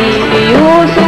you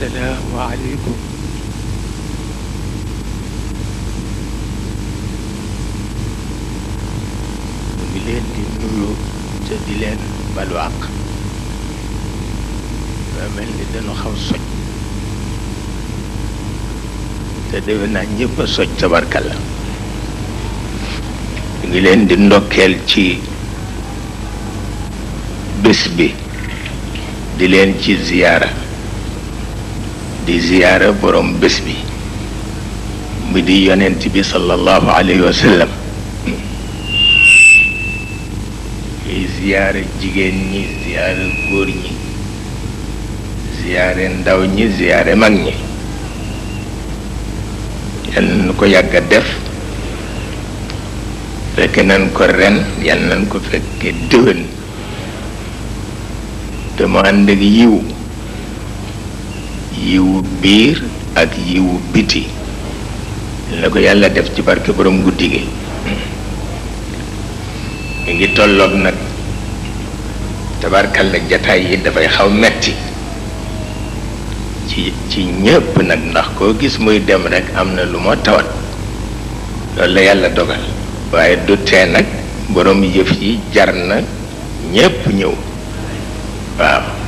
salaamaaleykum mu ngi leen di nuyu te di leen balu àq mel ni dañu xaw soj te defe naa ñëpp a soj tabarkal la ngi leen di ndokkeel ci bés bi di leen ci ziyaara di boroom bés bi mu di yonent bi sallallahu alayhi wa sallam di jigéen ñi ziyaara góor ñi ziyaare ndaw ñi ziyaare mag ñi yal nañu ko yàgg def fekke nañ ko ren yal nañ ko fekke déwén te mu yiw biir ak yiwu biti la ko yàlla def ci barke borom guddi gi mu ngi tolloog nag tabarkal la jataay yi dafay xaw metti ci ci ñépp nag ndax koo gis muy dem rekk am na lu ma tawat loolu la yàlla dogal waaye du tee nag borom yëf yi jar na ñépp ñëw waaw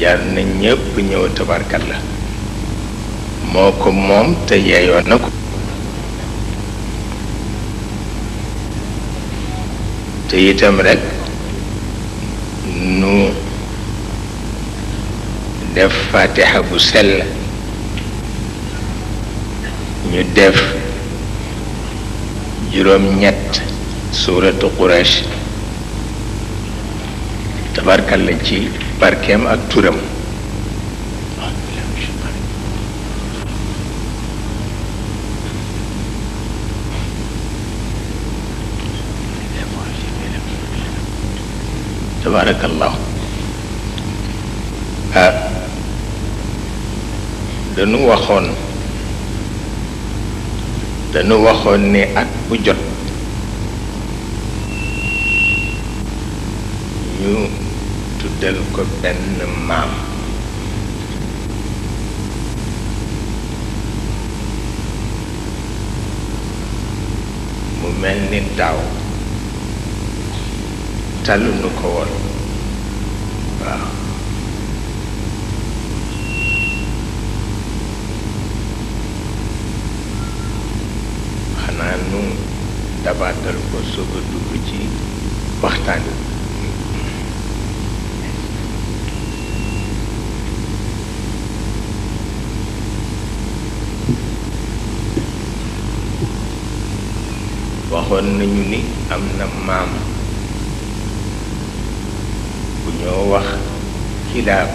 jaar na ñépp ñëw tabarkat la moo ko moom te yeeyoo na ko te itam rekk nu def fatiha bu sell ñu def juróom-ñett suuratu Quraysh tabarkat la ci barkeem ak turam tabarakallahu ah dañu waxoon dañu waxoon ne at bu jot tuddal ko benn maam mu mel ni daaw talu nu ko woon waaw xanaa nu dabaatal ko soog a dugg ci waxtaan wi waxoon nañu ni am na maam bu ñoo wax kilaab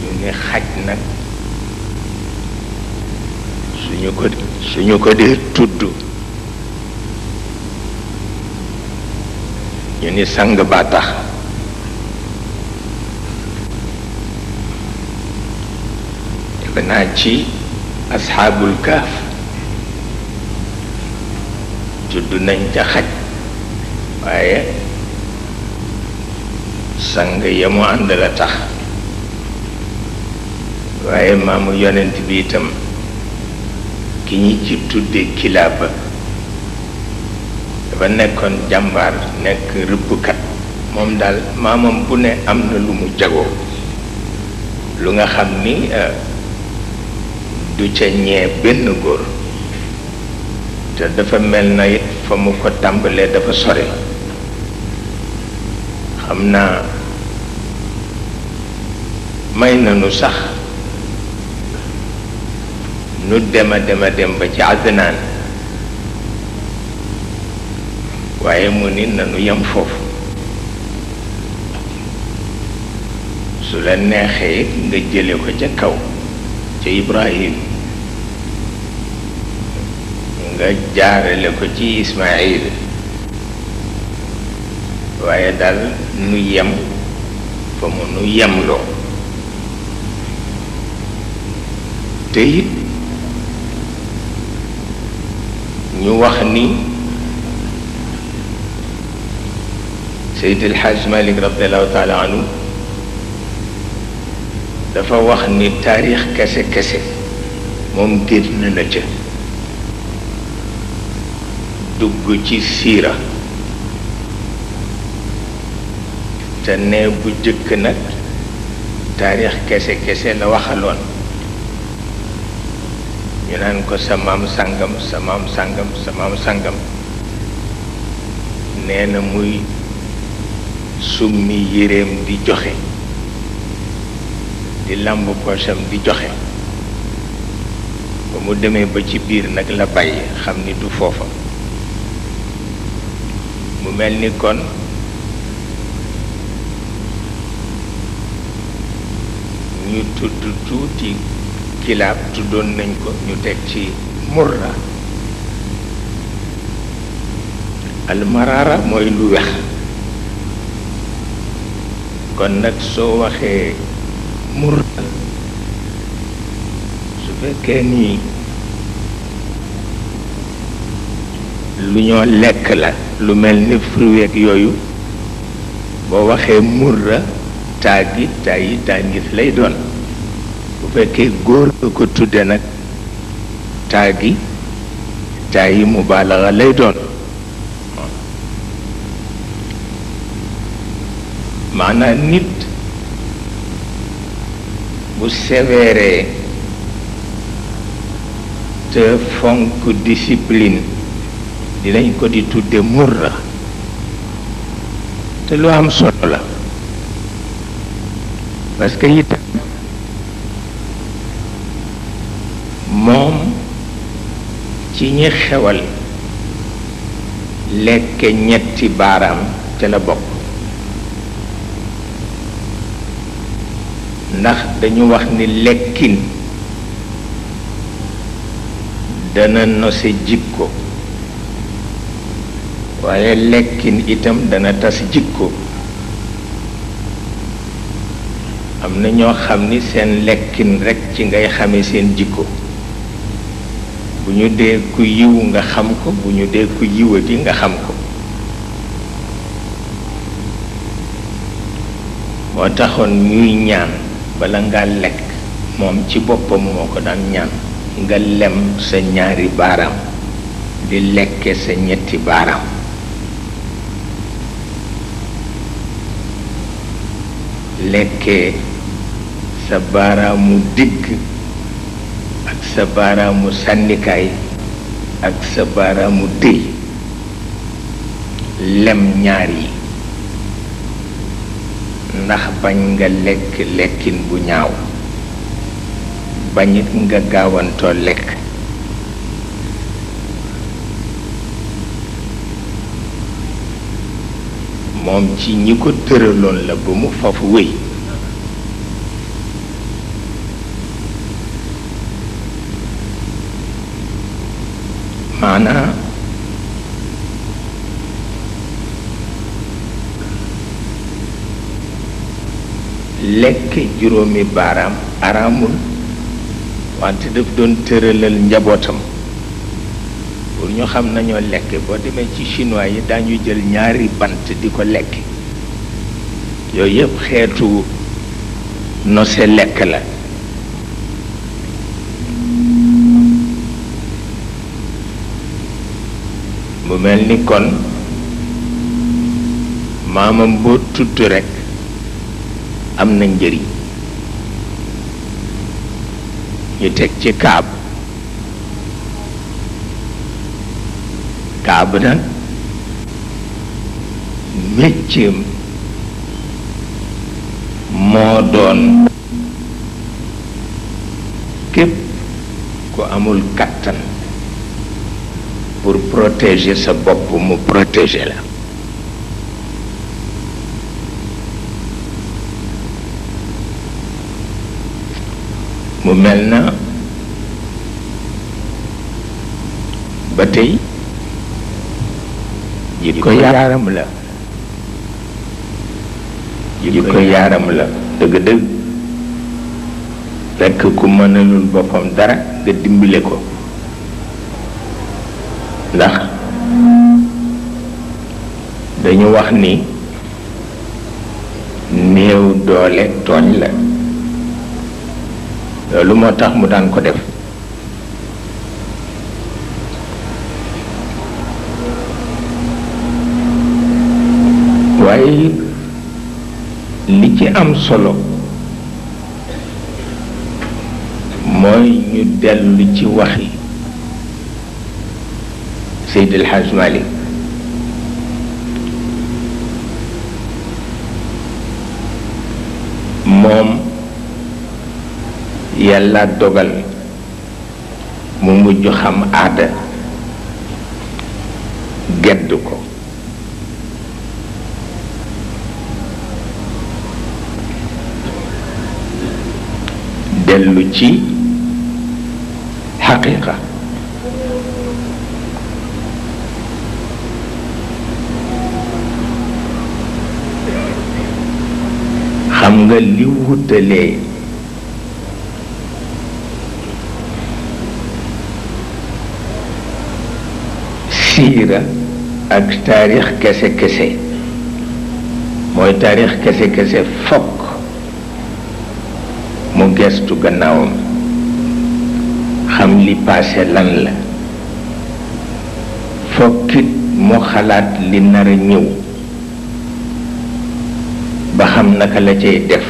ñu ne xaj nag suñu ko suñu ko dee tudd ñu ni sang baatax defe naa ci asxaabul kaaf tudd nañ ca xaj waaye sang ya ànd la tax waaye maamu yonent bi itam ki ñi ci tudde kilaaba dafa nekkoon jàmbaar nekk rëbbkat moom daal maamam bu ne am na lu mu jagoo lu nga xam ni euh, du ca ñee benn góor te dafa mel na it fa mu ko tàmbalee dafa sore xam naa may na nanu sax nu dema dema dem ba ci àddinaan waaye mu ni nanu yam foofu su la neexee nga jële ko ca kaw ca Ibrahim jaar la ko ci ismail waaye daal nu yem fa mu nu yemloo te it ñu wax ni sayid alxaaj malik radiallahu taala anhu dafa wax ni taarix kese kese moom génn na ca dugg ci sira te ne bu jëkk nag taarix kese kese la waxaloon ñu naan ko sa maam sangam sa maam sangam sa maam sangam nee na muy summi yéreem di joxe di lamb poosam di joxe ba mu demee ba ci biir nag la bàyyi xam du foofa mu mel ni kon ñu tudd tuuti kilaab tuddoon nañ ko ñu teg ci murra almaraara mooy lu wex kon nag soo waxee murra su fekkee nii lu ñoo lekk la lu mel ni fruit yooyu boo waxee murra taa gi taa lay doon bu fekkee góor nga ko tudde nag taa gi taa yi lay doon maanaam nit bu sévère te fonk discipline dinañ ko di tudde murra te lu am solo la parce que itam moom ci ñi xewal lekk ñetti baaraam ca la bokk ndax dañu wax ni lekkin dana nose ko waaye lekkin itam dana tas jikko am na ñoo xam ni seen lekkin rekk ci ngay xame seen jikko bu ñu dee ku yiw nga xam ko bu ñu dee ku yiwati nga xam ko moo taxoon ñuy ñaan bala nga lekk moom ci boppam moo ko daan ñaan nga lem sa ñaari baaraam di lekke sa ñetti baaraam lekkee sa baaraamu digg ak sa baaraamu sànnikaay ak sa baaraamu dëy lem ñaar yi ndax bañ nga lekk lekkin bu ñaaw bañit nga gaawantoo lekk moom ci ñi ko tëraloon la bu mu foofu wéy maanaa lekk juróomi baaraam araamul wante daf doon tëralal njabootam pour ñoo xam nañoo lekk boo demee ci chinois yi dañu jël ñaari bant di ko lekk yooyu yëpp xeetu nose lekk la mu mel ni kon maamam boo tudd rekk am na njëriñ ñu teg ci kaab kaab nag mécceem moo doon képp ku amul pour protéger sa bopp mu protéger la mu mel na ba tey ji ko yaaram la ji ko yaaram la dëgg-dëgg rekk ku mënalul boppam dara nga dimbale ko ndax dañu wax ni néew doole tooñ la loolu moo tax mu daan ko def waaye ci am solo mooy ñu dellu ci waxi Seydi El Hadj moom yàlla dogal mu mujj xam aada gedd ko dellu ci xaqiqa xam nga li wutalee siira ak taarix kese kese mooy taarix kese kese fopp gestu gannaawam xam li paase lan la fokkit mu xalaat li nar a ñëw ba xam naka la cay def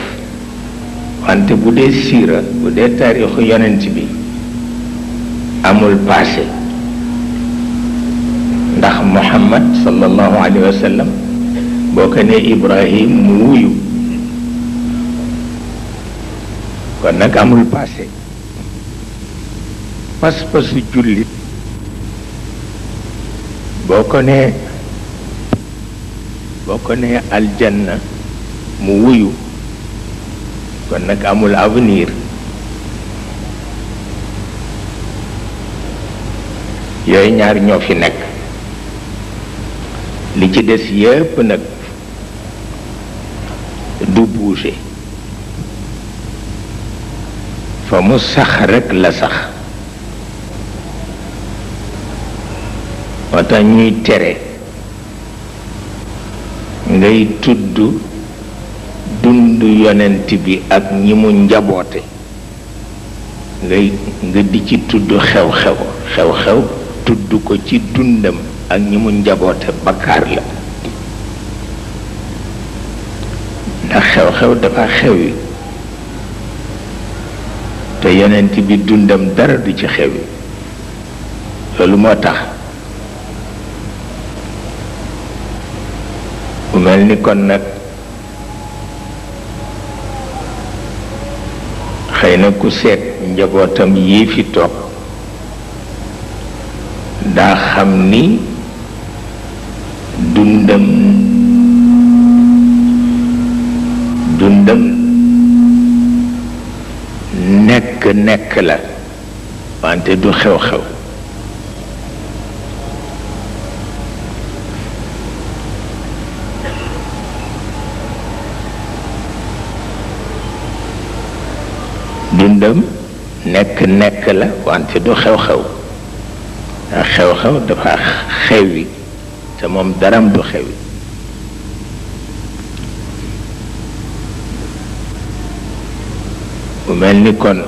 wante bu dee siira bu dee taarixu yonent bi amul passé ndax muhammad sallallahu alayhi wa boo ko nee ibrahim mu wuyu kon nag amul passé pas-pasu jullit boo ko nee boo ko nee aljanna mu wuyu kon nag amul avenir yooyu ñaar ñoo fi nekk li ci des yépp nag fa mu sax rekk la sax moo ñuy tere ngay tudd dund yonent bi ak ñi mu njaboote ngay nga di ci tudd xew-xew xew-xew tudd ko ci dundam ak ñi mu njaboote bakkaar la ndax xew-xew dafa xew yi te yonent bi dundam dara du ci xewi loolu moo tax bu mel ni kon nag xëy na ku seet njabootam yii fi toog daa xam ni dundam nekk nekk la wante du xew-xew dundam nekk nekk la wante du xew-xew xew-xew dafa xewi te moom daram du xewi mu mel ni kon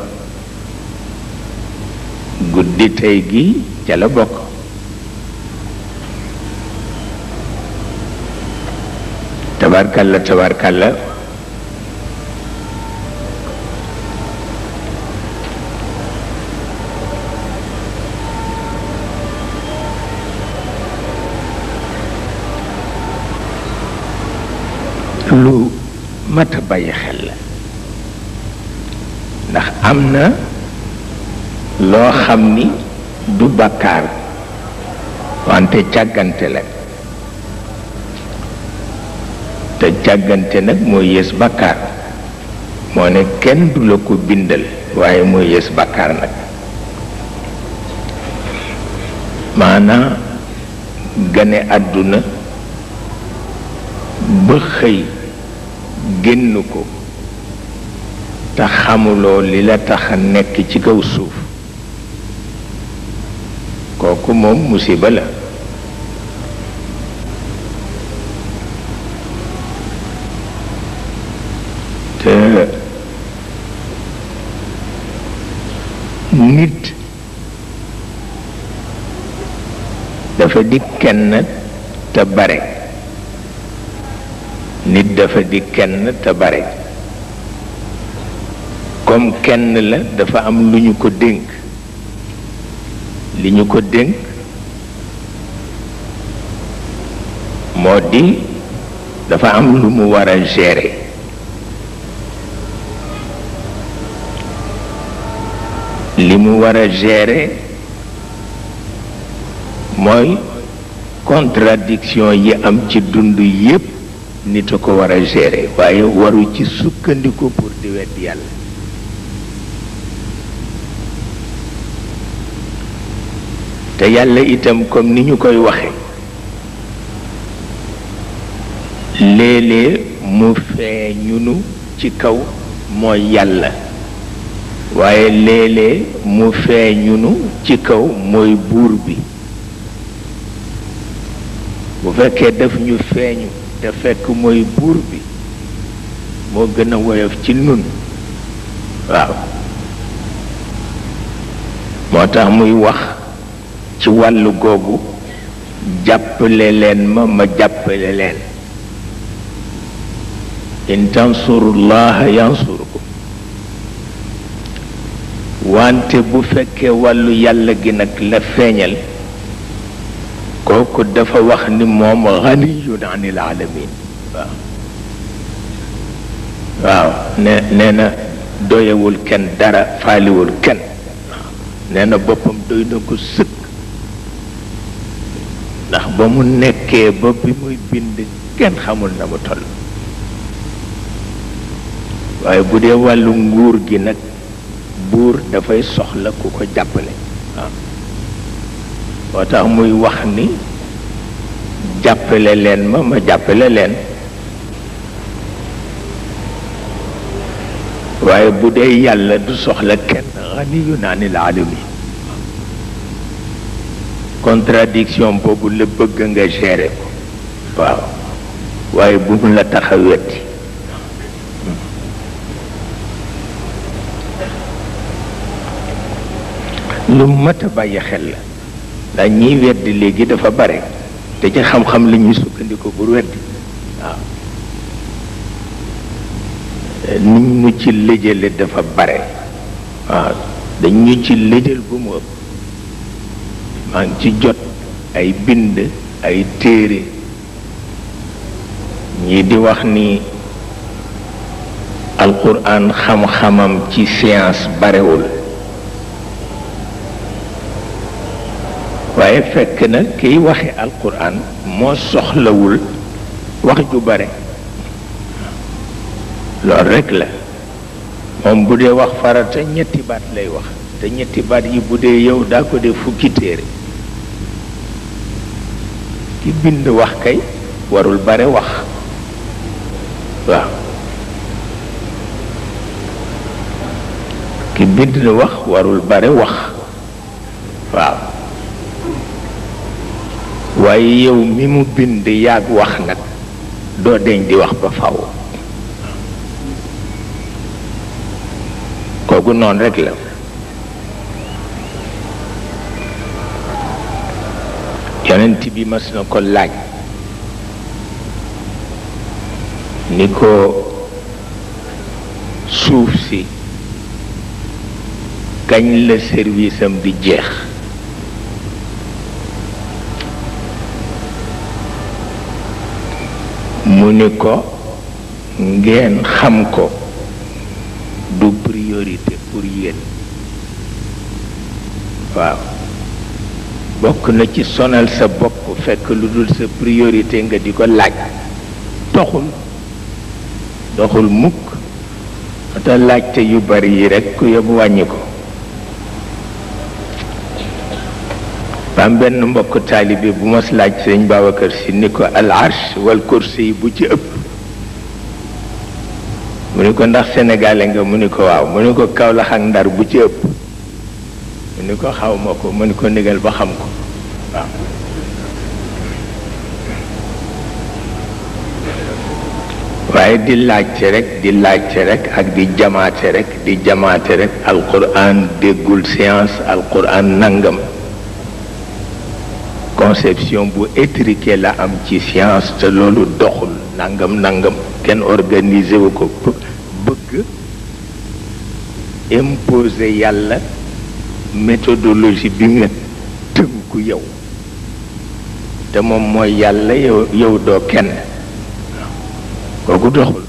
guddi tey gi ca la bokk tabarkalla tabarkalla lu mat a bàyyi xel la am na loo xam ni du bàkkaar wante càggante la te càggante nag moo yées bàkkaar moo ne kenn du la ko bindal waaye moo yées bàkkaar nag maanaa gane àdduna ba xëy génn ko te xamuloo li la tax nekk ci kaw suuf kooku moom musiba la te nit dafa di kenn te bare nit dafa di kenn te bare comme kenn la dafa am lu ñu ko dénk li ñu ko dénk moo di dafa am lu mu war a gérer li mu war a gérer mooy contradiction yi am ci dund yépp nit a ko war a gérer waaye waru ci sukkandiku pour di wedd yàlla te yàlla itam comme ni ñu koy waxe léeg-léeg mu feeñunu ci kaw mooy yàlla waaye léeg-léeg mu feeñunu ci kaw mooy buur bi bu fekkee def ñu feeñu te fekk mooy buur bi moo gën a woyof ci nun waaw moo tax muy wax ci wàllu googu jàppale leen ma ma jàppale leen in tansurullaha yansurkum wante bu fekkee wàllu yàlla gi nag la feeñal kooku dafa wax ni moom ganiyun anil alamin waaw waaw ne nee na doyewul kenn dara faaliwul kenn nee na boppam doy na ko sëkk ba mu nekkee ba bi muy bind kenn xamul na mu toll waaye bu dee wàllu nguur gi nag buur dafay soxla ku ko jàppale ah. moo tax muy wax ni jàppale leen ma ma jàppale leen waaye bu dee yàlla du soxla kenn la anil alamin contradiction boobu la bëgg nga gérer ko waaw waaye bu mu la tax a lu mat a bàyyi xel la ndax ñiy weddi léegi dafa bare te ci xam-xam la ñuy sukkandiku pour weddi waaw niñ ñu ci lëjale dafa bare waaw dañ ñu ci lëjal bu mu ëpp maa ci jot ay bind ay téere ñii di wax ni alquran xam-xamam ci science barewul waaye fekk na kiy waxe alquran moo soxlawul wax ju bare loolu rekk la moom bu dee wax farata ñetti baat lay wax te ñetti baat yi bu dee yow daa ko dee fukki téere ki bind wax kay warul bare wax waaw ki bind wax warul bare wax waaw waaye yow mi mu bind yàgg wax nag doo deñ di wax ba faw kooku noonu rek la yonent bi mas na ko laaj ni ko suuf si kañ la service am di jeex mu ni ko ngeen xam ko du priorité pour yéen waaw bokk na ci sonal sa bopp fekk lu dul sa priorité nga di ko laaj doxul doxul mukk te yu bari yi rekk ku yëpp wàññi ko am benn mbokk taalibe bu mos laaj seen Babacar Si ni ko al arsh wal kursi bu ci ëpp mu ni ko ndax sénégalais nga mu ni ko waaw mu ni ko Kaolack ak Ndar bu ci ëpp mu ni ko xaw ma ko mën ko négal ba xam ko waaw waaye di laajte rek di laajte rek ak di jamaate rek di jamaate rek alquran déggul science alquran nangam conception bu étriquée la am ci science te loolu doxul nangam nangam kenn organisé wu ko bëgg imposer yàlla méthodologie bi nga tënku yow te moom mooy yàlla yow yow doo kenn kooku doxul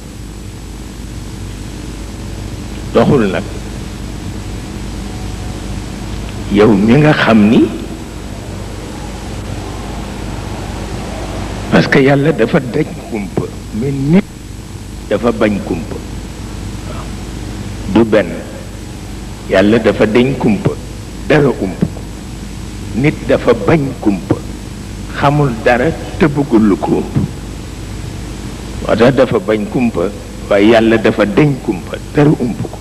doxul nag yow mi nga xam ni parce que yàlla dafa daj kumpa mais nit dafa bañ kumpa du benn yàlla dafa dañ kumpa dara ump nit dafa bañ kumpa xamul dara te bëggul lu ko ump moo tax dafa bañ kumpa waaye yàlla dafa deñ kumpa dara ump ko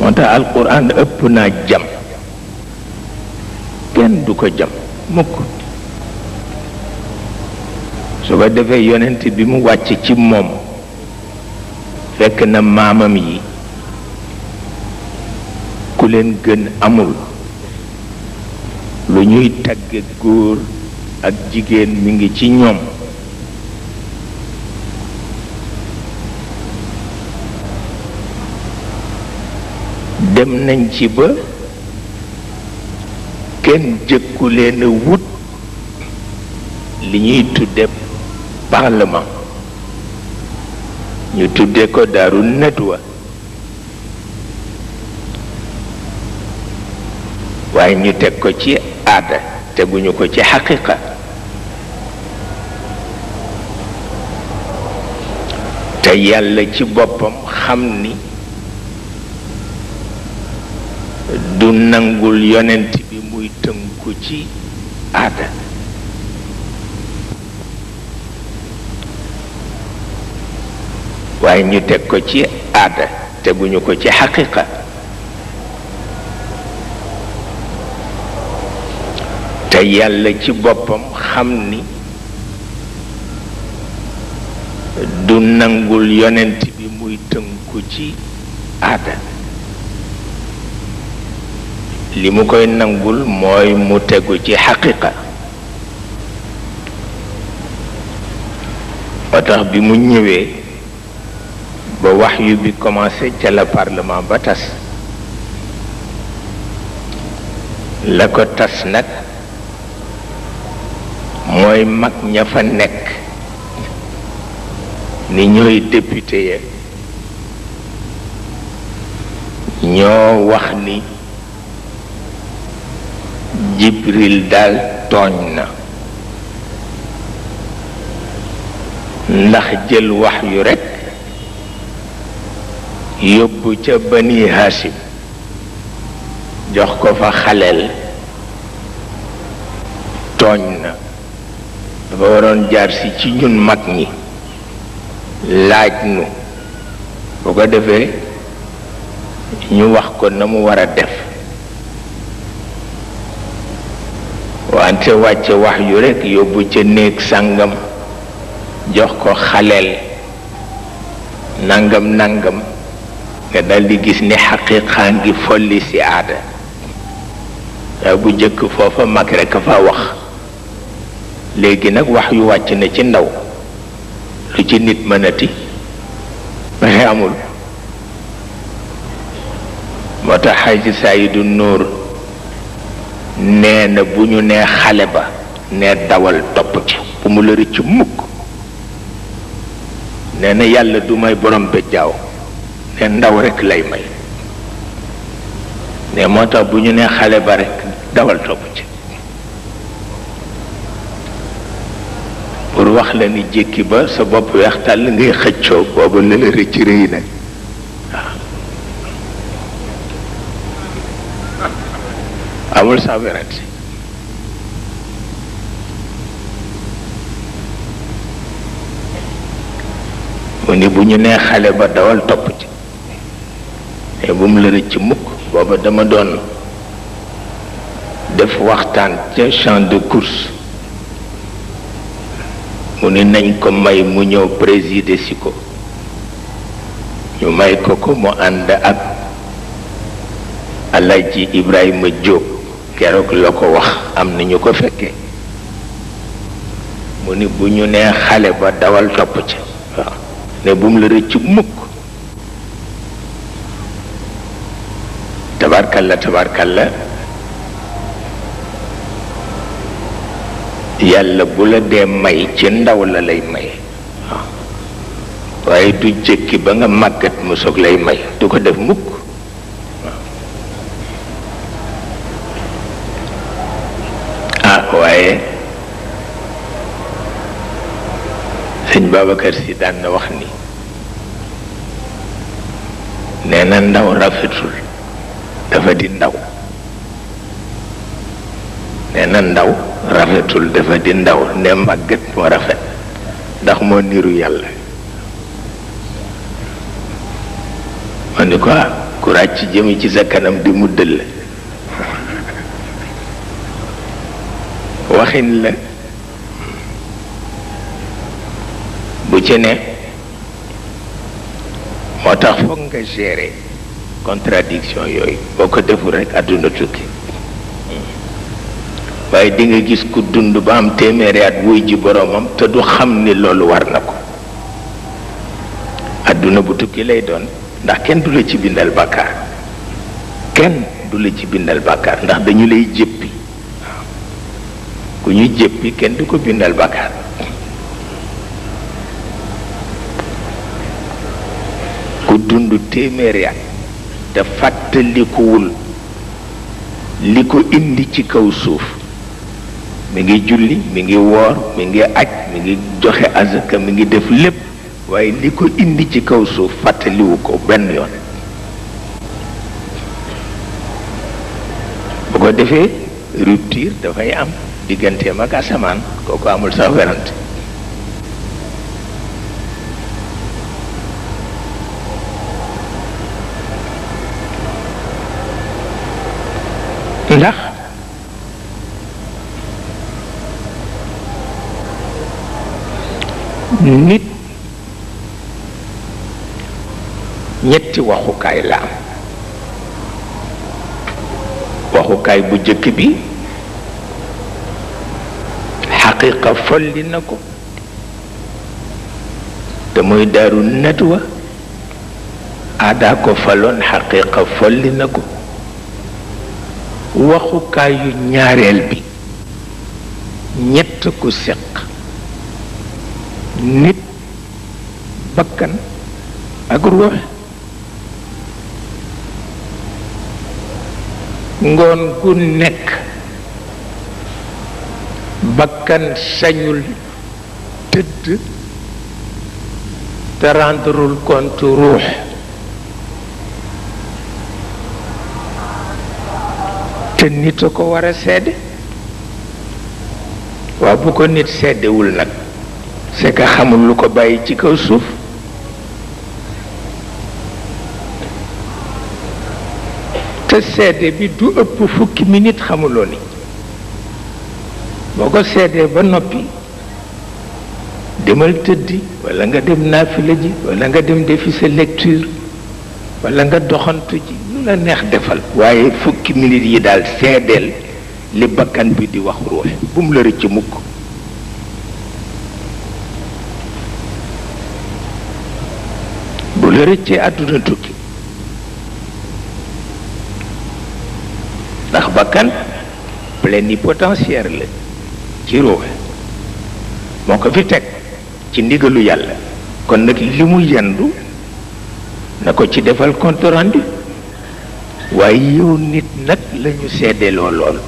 moo tax alquran ëpp naa jam kenn du ko jam mukk su ko defee yonent bi mu wàcc ci moom fekk na maamam yi leen gën amul lu ñuy tàgge góor ak jigéen mi ngi ci ñoom dem nañ ci ba kenn jëkku leen wut li ñuy tudde parlement ñu tudde ko daaru nadwa waaye ñu teg ko ci aada teguñu ko ci xaqiqa te yàlla ci boppam xam ni du nangul yonent bi muy tënku ci aada waaye ñu teg ko ci aada teguñu ko ci xaqiqa yàlla ci boppam xam ni du nangul yonent bi muy tënku ci aada li mu koy nangul mooy mu tegu ci xaqiqa moo tax bi mu ñëwee ba wax yu bi commencé ca la parlement ba tas la ko tas nag mooy mag ña fa nekk ni ñooy député ya ñoo wax ni Jibril daal tooñ na ndax jël wax yu rekk yóbbu ca bani Haasim jox ko fa xaleel tooñ na dafa waroon jaar si ci ñun mag ñi laaj nu bu ko defee ñu wax ko na mu war a def wante wàcce wax yu rekk yóbbu ca néeg sàngam jox ko xaleel nangam nangam nga daldi gis ni xaqiqaa gi folli si aada waaye bu jëkk foofa mag rekk a fa wax léegi nag wax yu wàcc na ci ndaw lu ci nit mënati pexe amul moo tax xaji Saydu Nuur nee na bu ñu nee xale ba nee dawal topp ci bu mu la rëcc mukk nee na yàlla du may borom bëjjaaw ne ndaw rekk lay may ne moo tax bu ñu nee xale ba rekk dawal topp ci wax la ni jékki ba sa bopp weex tàll ngay xëccoo boobu la la rëcc rëy nag amul sax werante mu ni bu ñu nee xale ba dawal topp ci mais bu mu la rëcc mukk booba dama doon def waxtaan ca champ de course mu ne nañ ko may mu ñëw préside si ko ñu may ko ko mu ànd ak alaaji Ibrahima Diop keroog la ko wax am na ñu ko fekkee mu ni bu ñu nee xale ba dawal topp ca waaw ne bu la rëcc mukk tabarkalla tabarkalla yàlla bu la dee may ci ndaw la lay may waaye du jëkki ba nga màggat mu soog lay may du ko def mukk ah waaye sëñ Babacar si daan wax ni nee na ndaw rafetul dafa di ndaw nee na ndaw rafetul dafa di ndaw ne màgget moo rafet ndax moo niru yàlla ma ni ko ci ah, ràcc jëmi ci sa kanam di mu dëll waxin la bu ci ne moo tax foog nga gérer contradiction yooyu boo ko deful rekk àdduna tukki waaye di nga gis ku dund ba am téeméeri at wuy ji boromam te du xam ni loolu war na ko àdduna bu tukki lay doon ndax kenn du la ci bindal bàkkaar kenn du la ci bindal bàkkaar ndax dañu lay jëppi ku ñu jëppi kenn du ko bindal bàkkaar ku dund téeméeri at te fàttalikuwul li ko indi ci kaw suuf mi ngi julli mi ngi woor mi ngi aj mi ngi joxe azaka mi ngi def lépp waaye li ko indi ci kaw suuf fàttaliwu ko benn yoon bu ko defee rupture dafay am digganteem ak asamaan kooku amul sax werante nit ñetti waxukaay la am waxukaay bu jëkk bi xaqiqa folli na ko te muy daaru nadwa aadaa ko faloon xaqiqa folli na ko waxukaayu ñaareel bi ñett ku seq nit bakkan ak ruux ngoon gu nekk bakkan sañul tëdd te rendrul compte ruux te nit a ko war a sedd waa bu ko nit seddewul nag c'est que xamul lu ko bàyyi ci kaw suuf te seede bi du ëpp fukki minit xamuloo ni boo ko seddee ba noppi demal tëddi walla nga dem naafila ji walla nga dem defi sa lecture walla nga doxantu ji lu la neex defal waaye fukki minit yi daal seedeel li bakkan bi di wax ruux bu la rëcc mukk nga rëccee àdduna tukki ndax bakkan plénipotentiaire la ci ruux moo ko fi teg ci ndigalu yàlla kon nag li mu yendu na ko ci defal compte rendu waaye yow nit nag lañu seddaloo lool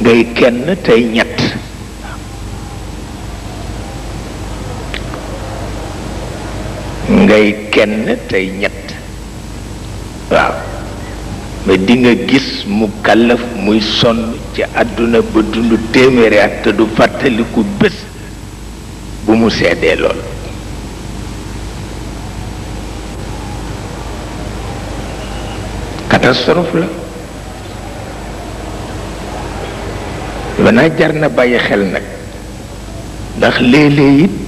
ngay kenn tey ñett ngay kenn tey ñett waaw mais di gis mu kàllaf muy sonn ci àdduna ba dund téeméeri at te du fàttaliku bés bu mu seddee lool catastrophe la banaa jar na bàyyi xel nag ndax léeg-léeg it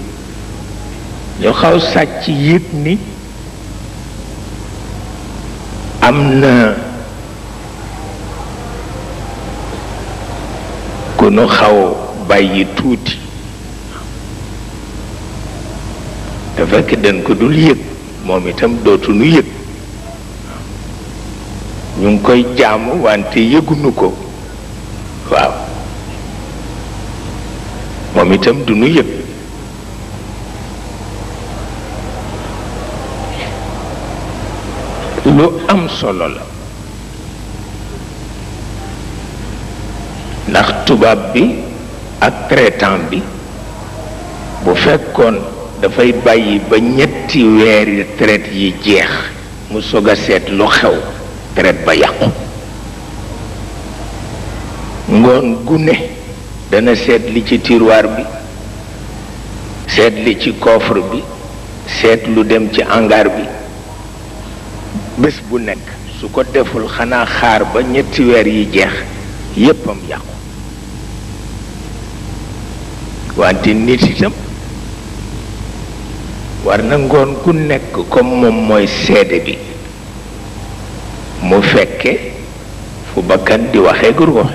ñu xaw sàcc yëg ni am na ku nu xaw bàyyi tuuti te fekk dañ ko dul yëg moom itam dootunu yëg ñu ngi koy jaamu wante yëgunu ko waaw moom itam du nu yëg lu am solo la ndax tubaab bi ak crétan bi bu fekkoon dafay bàyyi ba ñetti weeri traite yi jeex mu sog a seet lu xew traite ba yàqu ngoon gune dana seet li ci tiroir bi seet li ci kofre bi seet lu dem ci hangar bi bes bu nek su ko deful xana xaar ba ñetti weer yi jeex yéppam yàqu wante nit itam war na ngoon ku nekk comme moom mooy seede bi mu fekke fu bakkan di waxee gur wax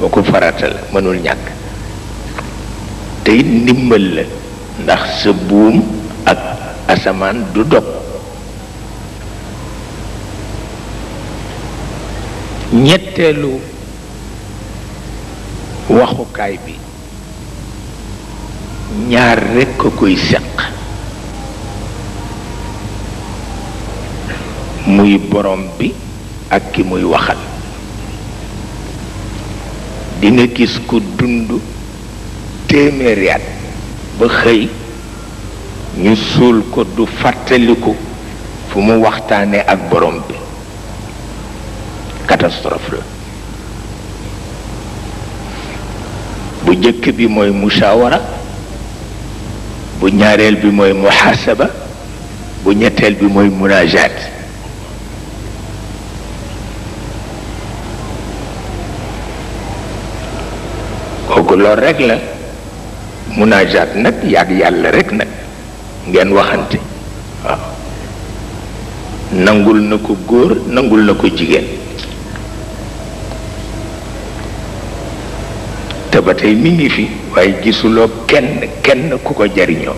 boku faratal mënul ñàkk te it la ndax sa buum ak asamaan du dog ñetteelu waxukaay bi ñaar rekk a koy seq muy borom bi ak ki muy waxal dinga gis ku dund téeméeri at ba xëy ñu suul ko du fàttaliku fu mu waxtaane ak borom bi catastrophe la bu jëkk bi mooy mushawara bu ñaareel bi mooy muhaasaba bu ñetteel bi mooy munajaat kooku lool rek la munajaat nag yàgg yàlla rekk nag ngeen waxante waaw nangul na ko góor nangul na ko jigéen batay tey mi ngi fi waye gisulo kenn kenn kuko jariño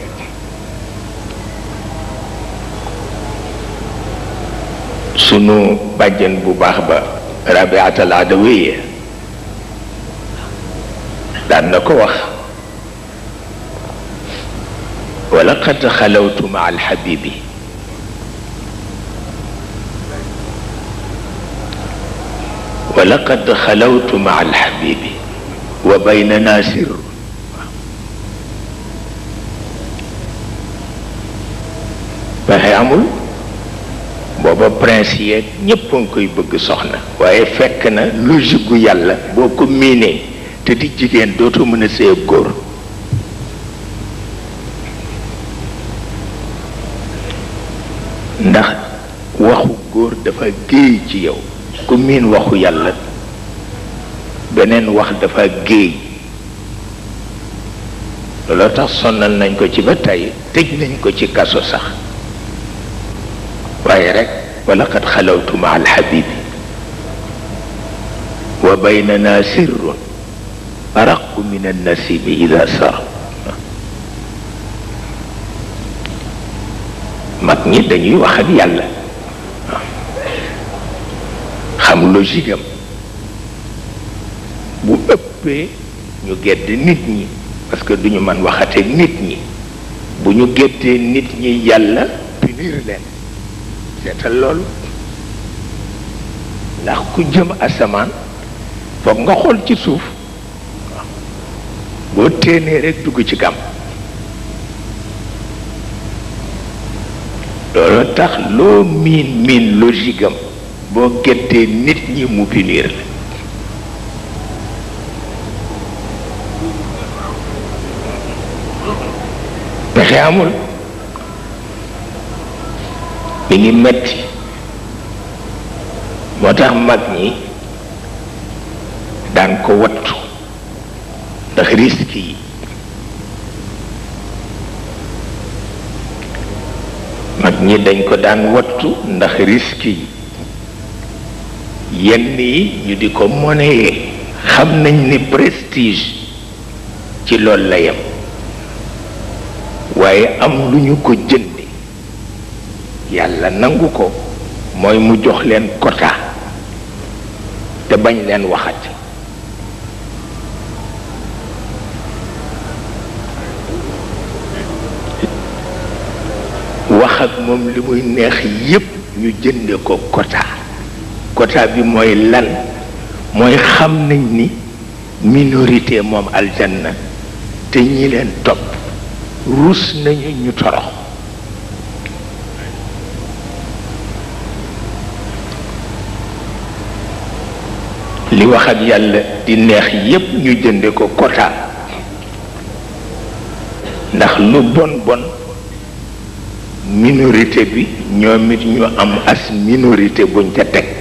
sunu bajjan bu bax ba rabi'at al adawiyya dan nako wax ولقد خلوت مع الحبيب ولقد خلوت مع الحبيب wa baynana sir pexe amul booba prince yeeg ñépp koy bëgg soxna waaye fekk na logique gu yàlla boo ko miinee te di jigéen dootu mën a séy góor ndax waxu góor dafa géey ci yow ku miin waxu yàlla beneen wax dafa géey looloo tax sonnal nañ ko ci ba tey tëj nañ ko ci kaso sax waaye rek wala qad xalawtu ma alxabibi wa baynana sirrun araqu min annasibi ida sar mag ñi dañuy wax ak yàlla xam logique am bu ëppee ñu gedd nit ñi parce que duñu mën waxate nit ñi bu ñu géttee nit ñi yàlla punir leen seetal loolu ndax ku jëm asamaan foog nga xool ci suuf boo téenee rek dugg ci kam loolu tax loo miin miin logique boo géttee nit ñi mu punir la pexe amul mi ngi metti moo tax mag ñi daan ko wattu ndax risque yi mag ñi dañ ko daan wattu ndax risque yi yenn yi ñu di ko moneyee xam nañ ni prestige ci loolu la yem waaye am lu ñu ko jëndi yàlla nangu ko mooy mu jox leen quota te bañ leen waxati wax ak moom li muy neex yépp ñu jënde ko kota quota bi mooy lan mooy xam nañ ni minorité moom aljanna te ñi leen topp rus nañu ñu torox li wax yàlla di neex yépp ñu jënde ko quota ndax lu bon bon minorité bi ñoom it ñu am as minorité buñ ca teg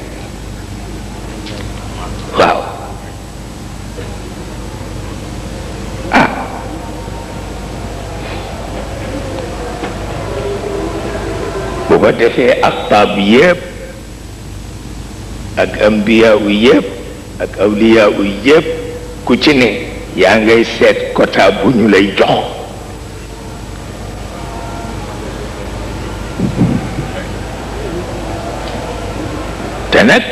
defee aqtaab yépp ak ambiyaawu yépp ak awliyaawu yépp ku ci ne yaa ngay seet quota bu ñu lay jox te nag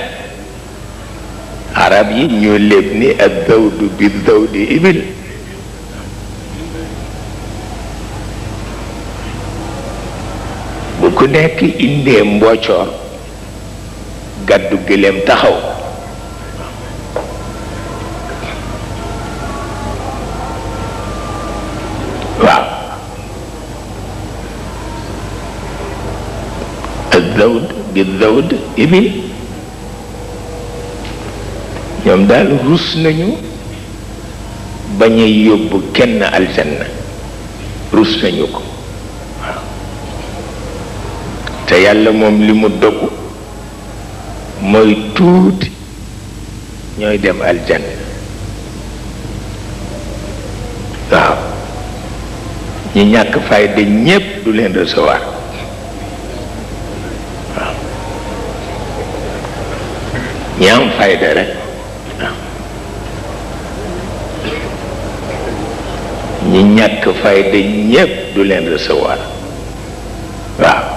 arab yi ñoo léeb ni ak dawdu bi dawdi ibil ku nekk indee mboocoor gàddu gëléem taxaw waaw azawd bi zawd ñoom daal rus nañu bañ a yóbbu kenn aljanna rus nañu ko te yàlla moom li mu dogu mooy tuuti ñooy dem aljanna waaw ñi ñàkk fayda ñépp du leen recevoir waaw ñi am fayda rek waaw ñi ñàkk fayda ñépp du leen recevoir waaw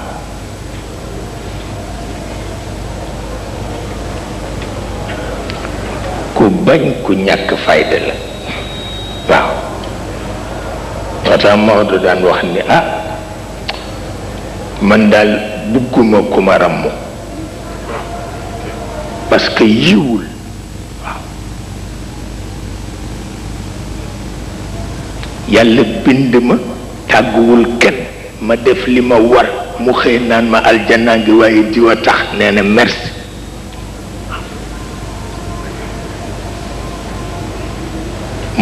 bañ ku ñàkk fayda la waaw moo tax Maodo daan wax ni ah man daal bugguma ku ma ràmm parce yiwul yàlla bind ma tàgguwul kenn ma def li ma war mu xëy naan ma aljanaa ngi waaye diwa tax nee na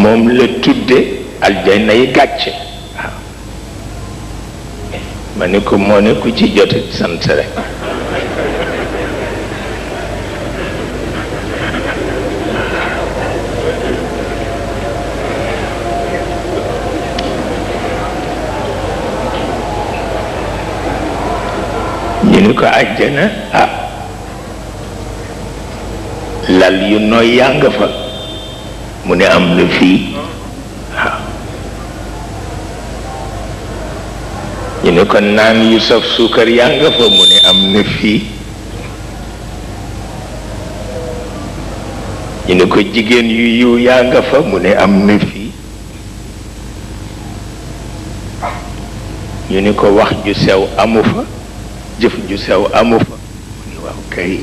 moom la tudde aljanna yi gàcce ma ne ko moo ne ku ci jot sant ñu ni ko àjjana ah lal yu nooy yaa fa mu ne am na fii waaw ñu ne kon naan yu saf suukar yaa nga fa mu ne am na fii ñu ne ko jigéen yu yiw yaa nga fa mu ne am na fii ñu ne ko wax ju sew amu fa jëf ju sew amu fa mu ne waaw kay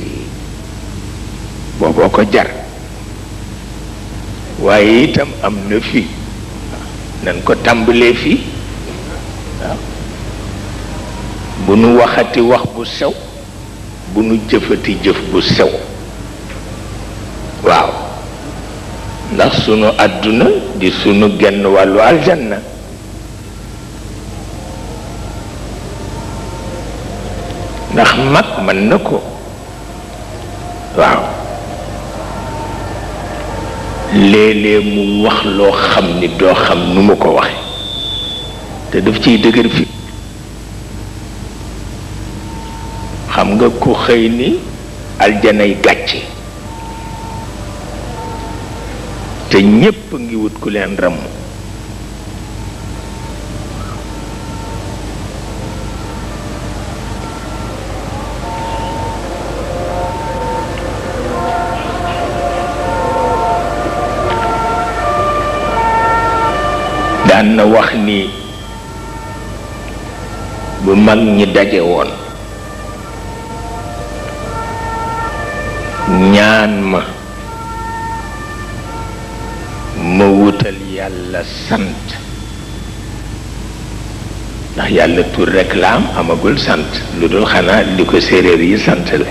booboo ko jar waaye itam am na fii nan ko tàmbalee fii waaw bu nu waxati wax bu sew bu nu jëfati jëf bu sew waaw ndax sunu àdduna di sunu genn wàllu aljanna ndax mag mën na ko waaw léeg-léeg mu wax loo xam ni doo xam nu mu ko waxe te daf ciy dëgër fi xam nga ku xëy ni aljanay gàcce te ñépp ngi wut ku leen ramm na wax ni bu mag ñi daje woon ñaan ma ma wutal yàlla sant ndax yàlla tur rek la am amagul sant lu dul xanaa li ko séeréer yi sant la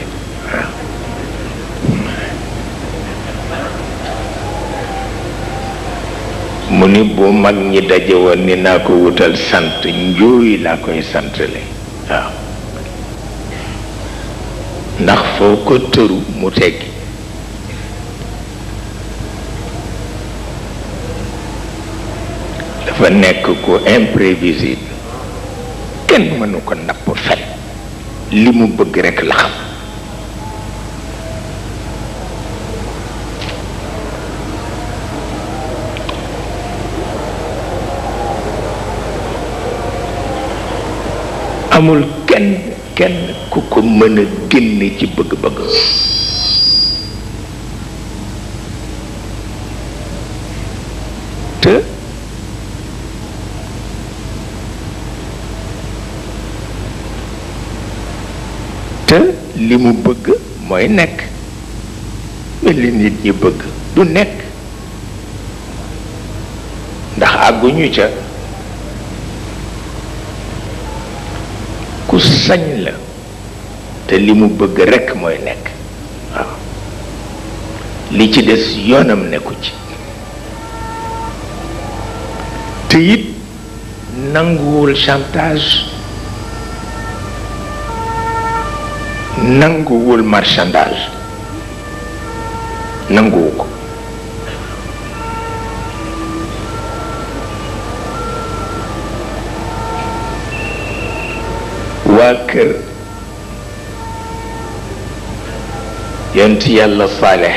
ni bu mag ñi daje woon ni naa ko wutal sant njuuy laa koy santale waaw ndax foo ko tëru mu teggi dafa nekk ku imprévisible kenn mënu ko napp fen li mu bëgg rekk la xam amul ken ken ku ko mën a ci bëgg-bëgg te te limu mu bëgg mooy nekk mais li nit ñi bëgg du nek ndax àgguñu ca sañ la te li mu bëgg rekk mooy nekk waaw li ci des yoonam nekku ci te it nanguwul chantage nanguwul marchandage nanguwu ko kër yonent yàlla saalex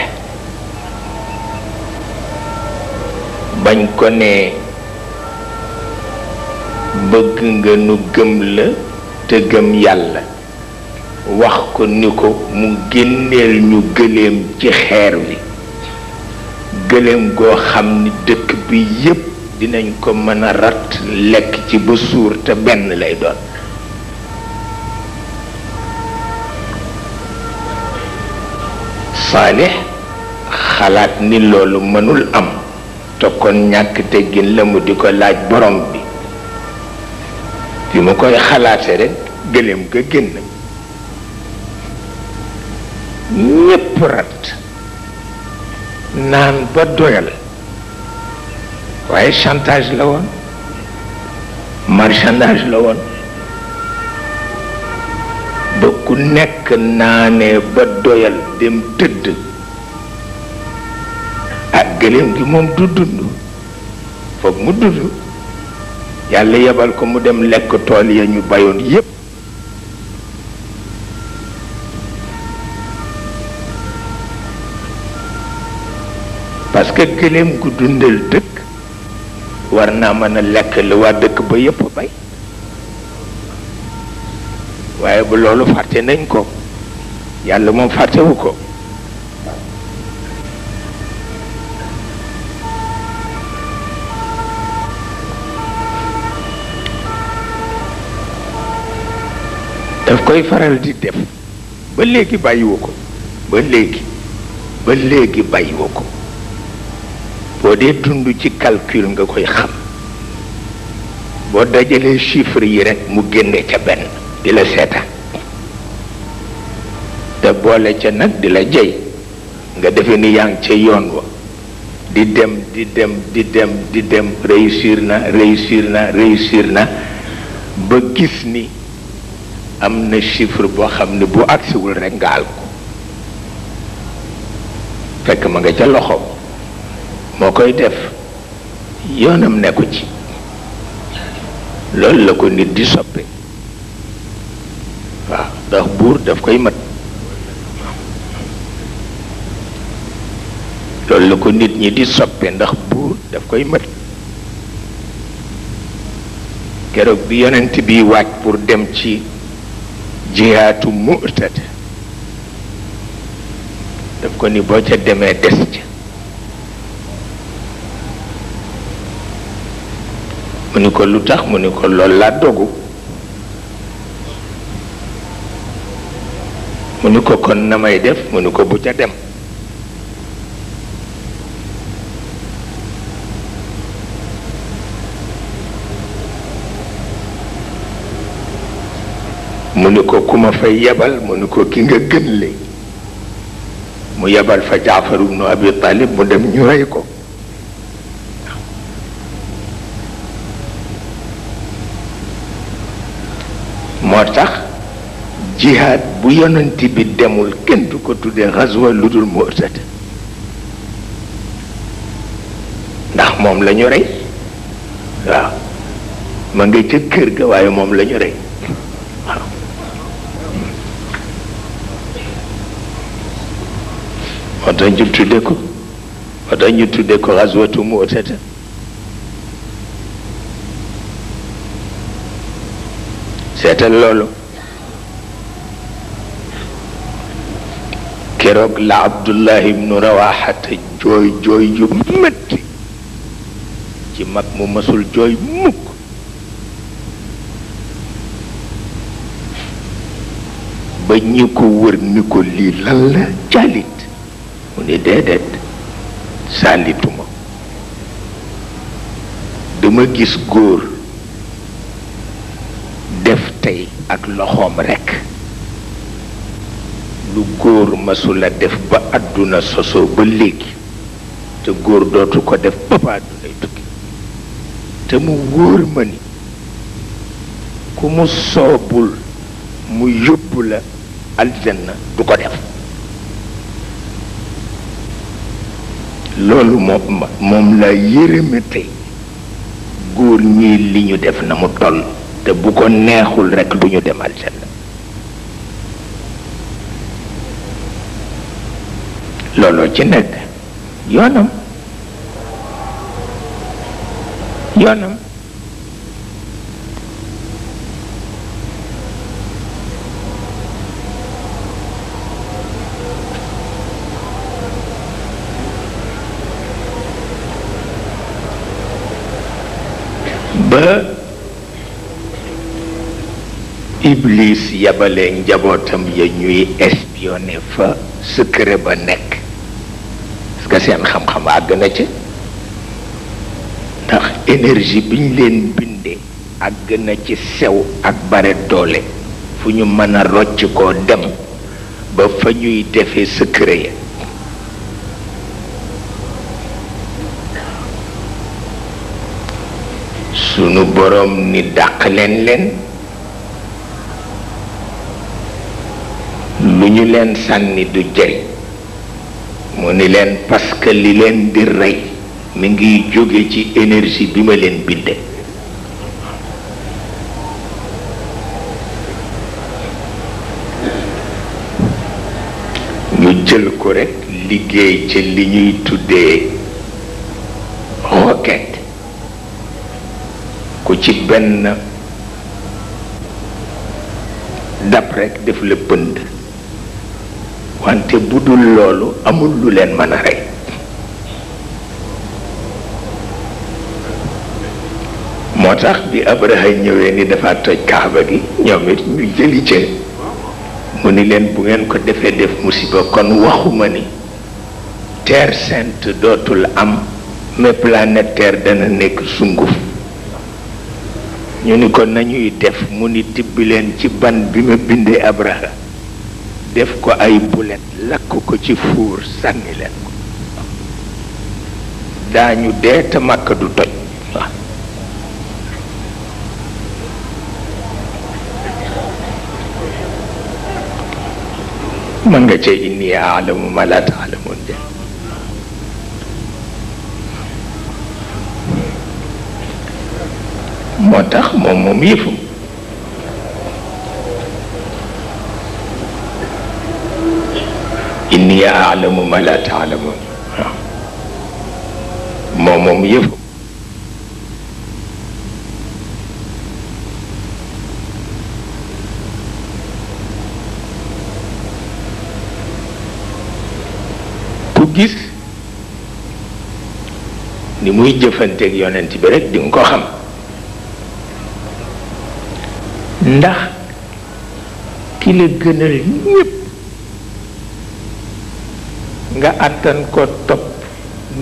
bañ ko ne bëgg nga nu gëm la te gëm yàlla wax ko ni ko mu génneel ñu gëléem ci xeer bi gëléem goo xam ni dëkk bi yépp dinañ ko mën a rat lekk ci ba suur te benn lay doon saalix xalaat ni loolu mënul am te kon ñàkk teggin la mu di ko laaj borom bi bi mu koy xalaate rekk gëléem ga génn ñépp rat naan ba doyal waaye chantage la woon marchandage la woon ku nekk naanee ba doyal dem tëdd ak ah, gëléem gi moom du dund foog mu dund yàlla yebal ko mu dem lekk tool ya ñu bayoon yépp parce que gëléem gu dundal dëkk war naa mën a lekk waa dëkk ba yépp bay waaye ba loolu fàtte nañ ko yàlla moom fàttewu ko daf koy faral di def ba léegi bàyyiwu ko ba léegi ba léegi bàyyiwu ko boo dee dund ci calcul nga koy xam boo dajalee chiffre yi rekk mu génne ca benn di la seetaan te boole ca nag di la jey nga defe ni yaa ngi ca yoon wa di dem di dem di dem di dem réussir na réussir na réussir na ba gis ni am chiffre boo xam ne bu agsiwul rek nga al ko fekk ma nga ca loxo moo koy def yoonam neku ci loolu la ko nit di soppe ndax buur daf koy mat loolu la ko nit ñi di soppe ndax buur daf koy mat keroog bi yonent bi waaj pour dem ci jihaatu mu'tat daf ko ni boo ca demee des ca mu ni ko lu tax mu ni ko loolu laa dogu nu ko kon na may def mu nu ko bu ca dem mu ni ko ku ma fay yebal mu ni ko ki nga gën le mu yebal fa jaafar ibnu abi talib mu dem ñu rey ko jihaad bu yonent bi demul kenn du ko tuddee xaswa lu dul mu'tata ndax moom la ñu rey waaw ma nga ca kër ga waaye moom la ñu rey waaw moo ñu tudde ko moo ñu tudde ko xaswatu mu'tata seetal loolu keroog la abdullahi ibnu rawaxata jooy jooy yu métti ci mag mu masul jooy mukk ba ñi ko wër ni ko lii lan la jaalit mu ni déedéet saalituma dama gis góor def tey ak loxoom rekk lu góor masula def ba àdduna sosoo ba léegi te góor dootu ko def ba ba àddunay tukki te mu wóor ma ni ku mu soobul mu yóbbu la aljanna du ko def loolu moom moom la yërëme tey góor ñii li ñu def na mu toll te bu ko neexul rekk du ñu dem aljanna Loloçi nerede? Yanım. Yanım. ba iblis yabale njabootam ya ñuy espionné fa secret ba nekk parce que seen xam-xam àgg na ci ndax énergie bi ñu leen bindee àgg na ci sew ak bare doole fu ñu mën a rocc koo dem ba fa ñuy defee secret ya sunu boroom ni dàq leen leen lu ñu leen sànni du jëriñ mu ni leen parce que li leen di rey mi ngi jóge ci énergie bi ma leen binde ñu jël ko rekk liggéey ci li ñuy tuddee roquette ku ci benn dab rek def la pënd wante budul lolo loolu amul lu leen mën a rey moo tax bi abraha ñëwee ni dafa toj kaaba gi ñoom it ñu jëli ca mu ni leen bu ngeen ko defee def musiba kon waxuma ni terre sainte dootul am mais planète terre dana nekk sunguf ñu ni ko nañuy def mu ni tibbi leen ci ban bi ma abraha def ko ay bulet lakk ko ci fuur sànni leen ko daañu dee te màkk du toj nga ca inni alamu ma moo tax moom moom yëfum yaalamu ma laa taalamuun waaw moom moom yëpp ku gis ni muy jëfanteeg yonent bi rek di nga ko xam ndax ki gënal ñépp nga àttan ko topp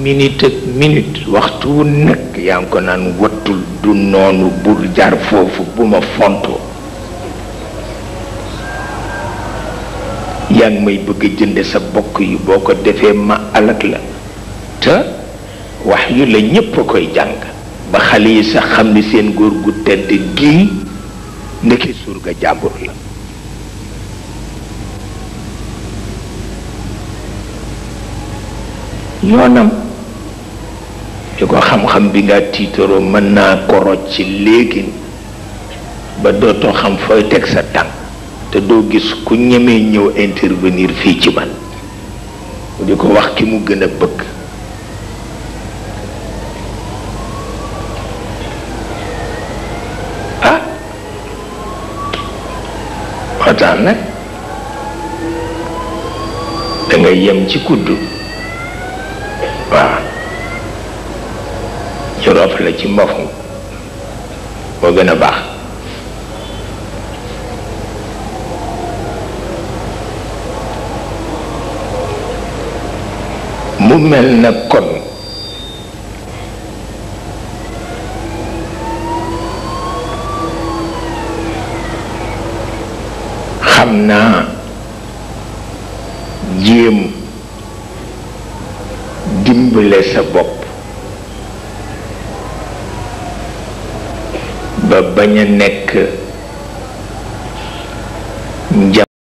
minute ak minute waxtu wu nekk yaa ngi ko naan wattul du noonu bur jar foofu bu ma fontoo yaa ngi may bëgg jënd sa bokk yi boo ko defee ma alak la te wax yu la ñépp a koy jàng ba xale yi sax xam ni seen góor gu tedd gii ndeke surga jàmbur la yoonam ci ko xam-xam bi nga tiitaroo mën naa koroj ci léegi ba dootoo xam fooy teg sa tànk te doo gis ku ñemee ñëw intervenir fii ci man mu di ko wax ki mu gën a bëgg ah waxtaan nag da nga yem ci kudd ci rof la ci mbofu moo gën a baax mu mel na kon xam naa your neck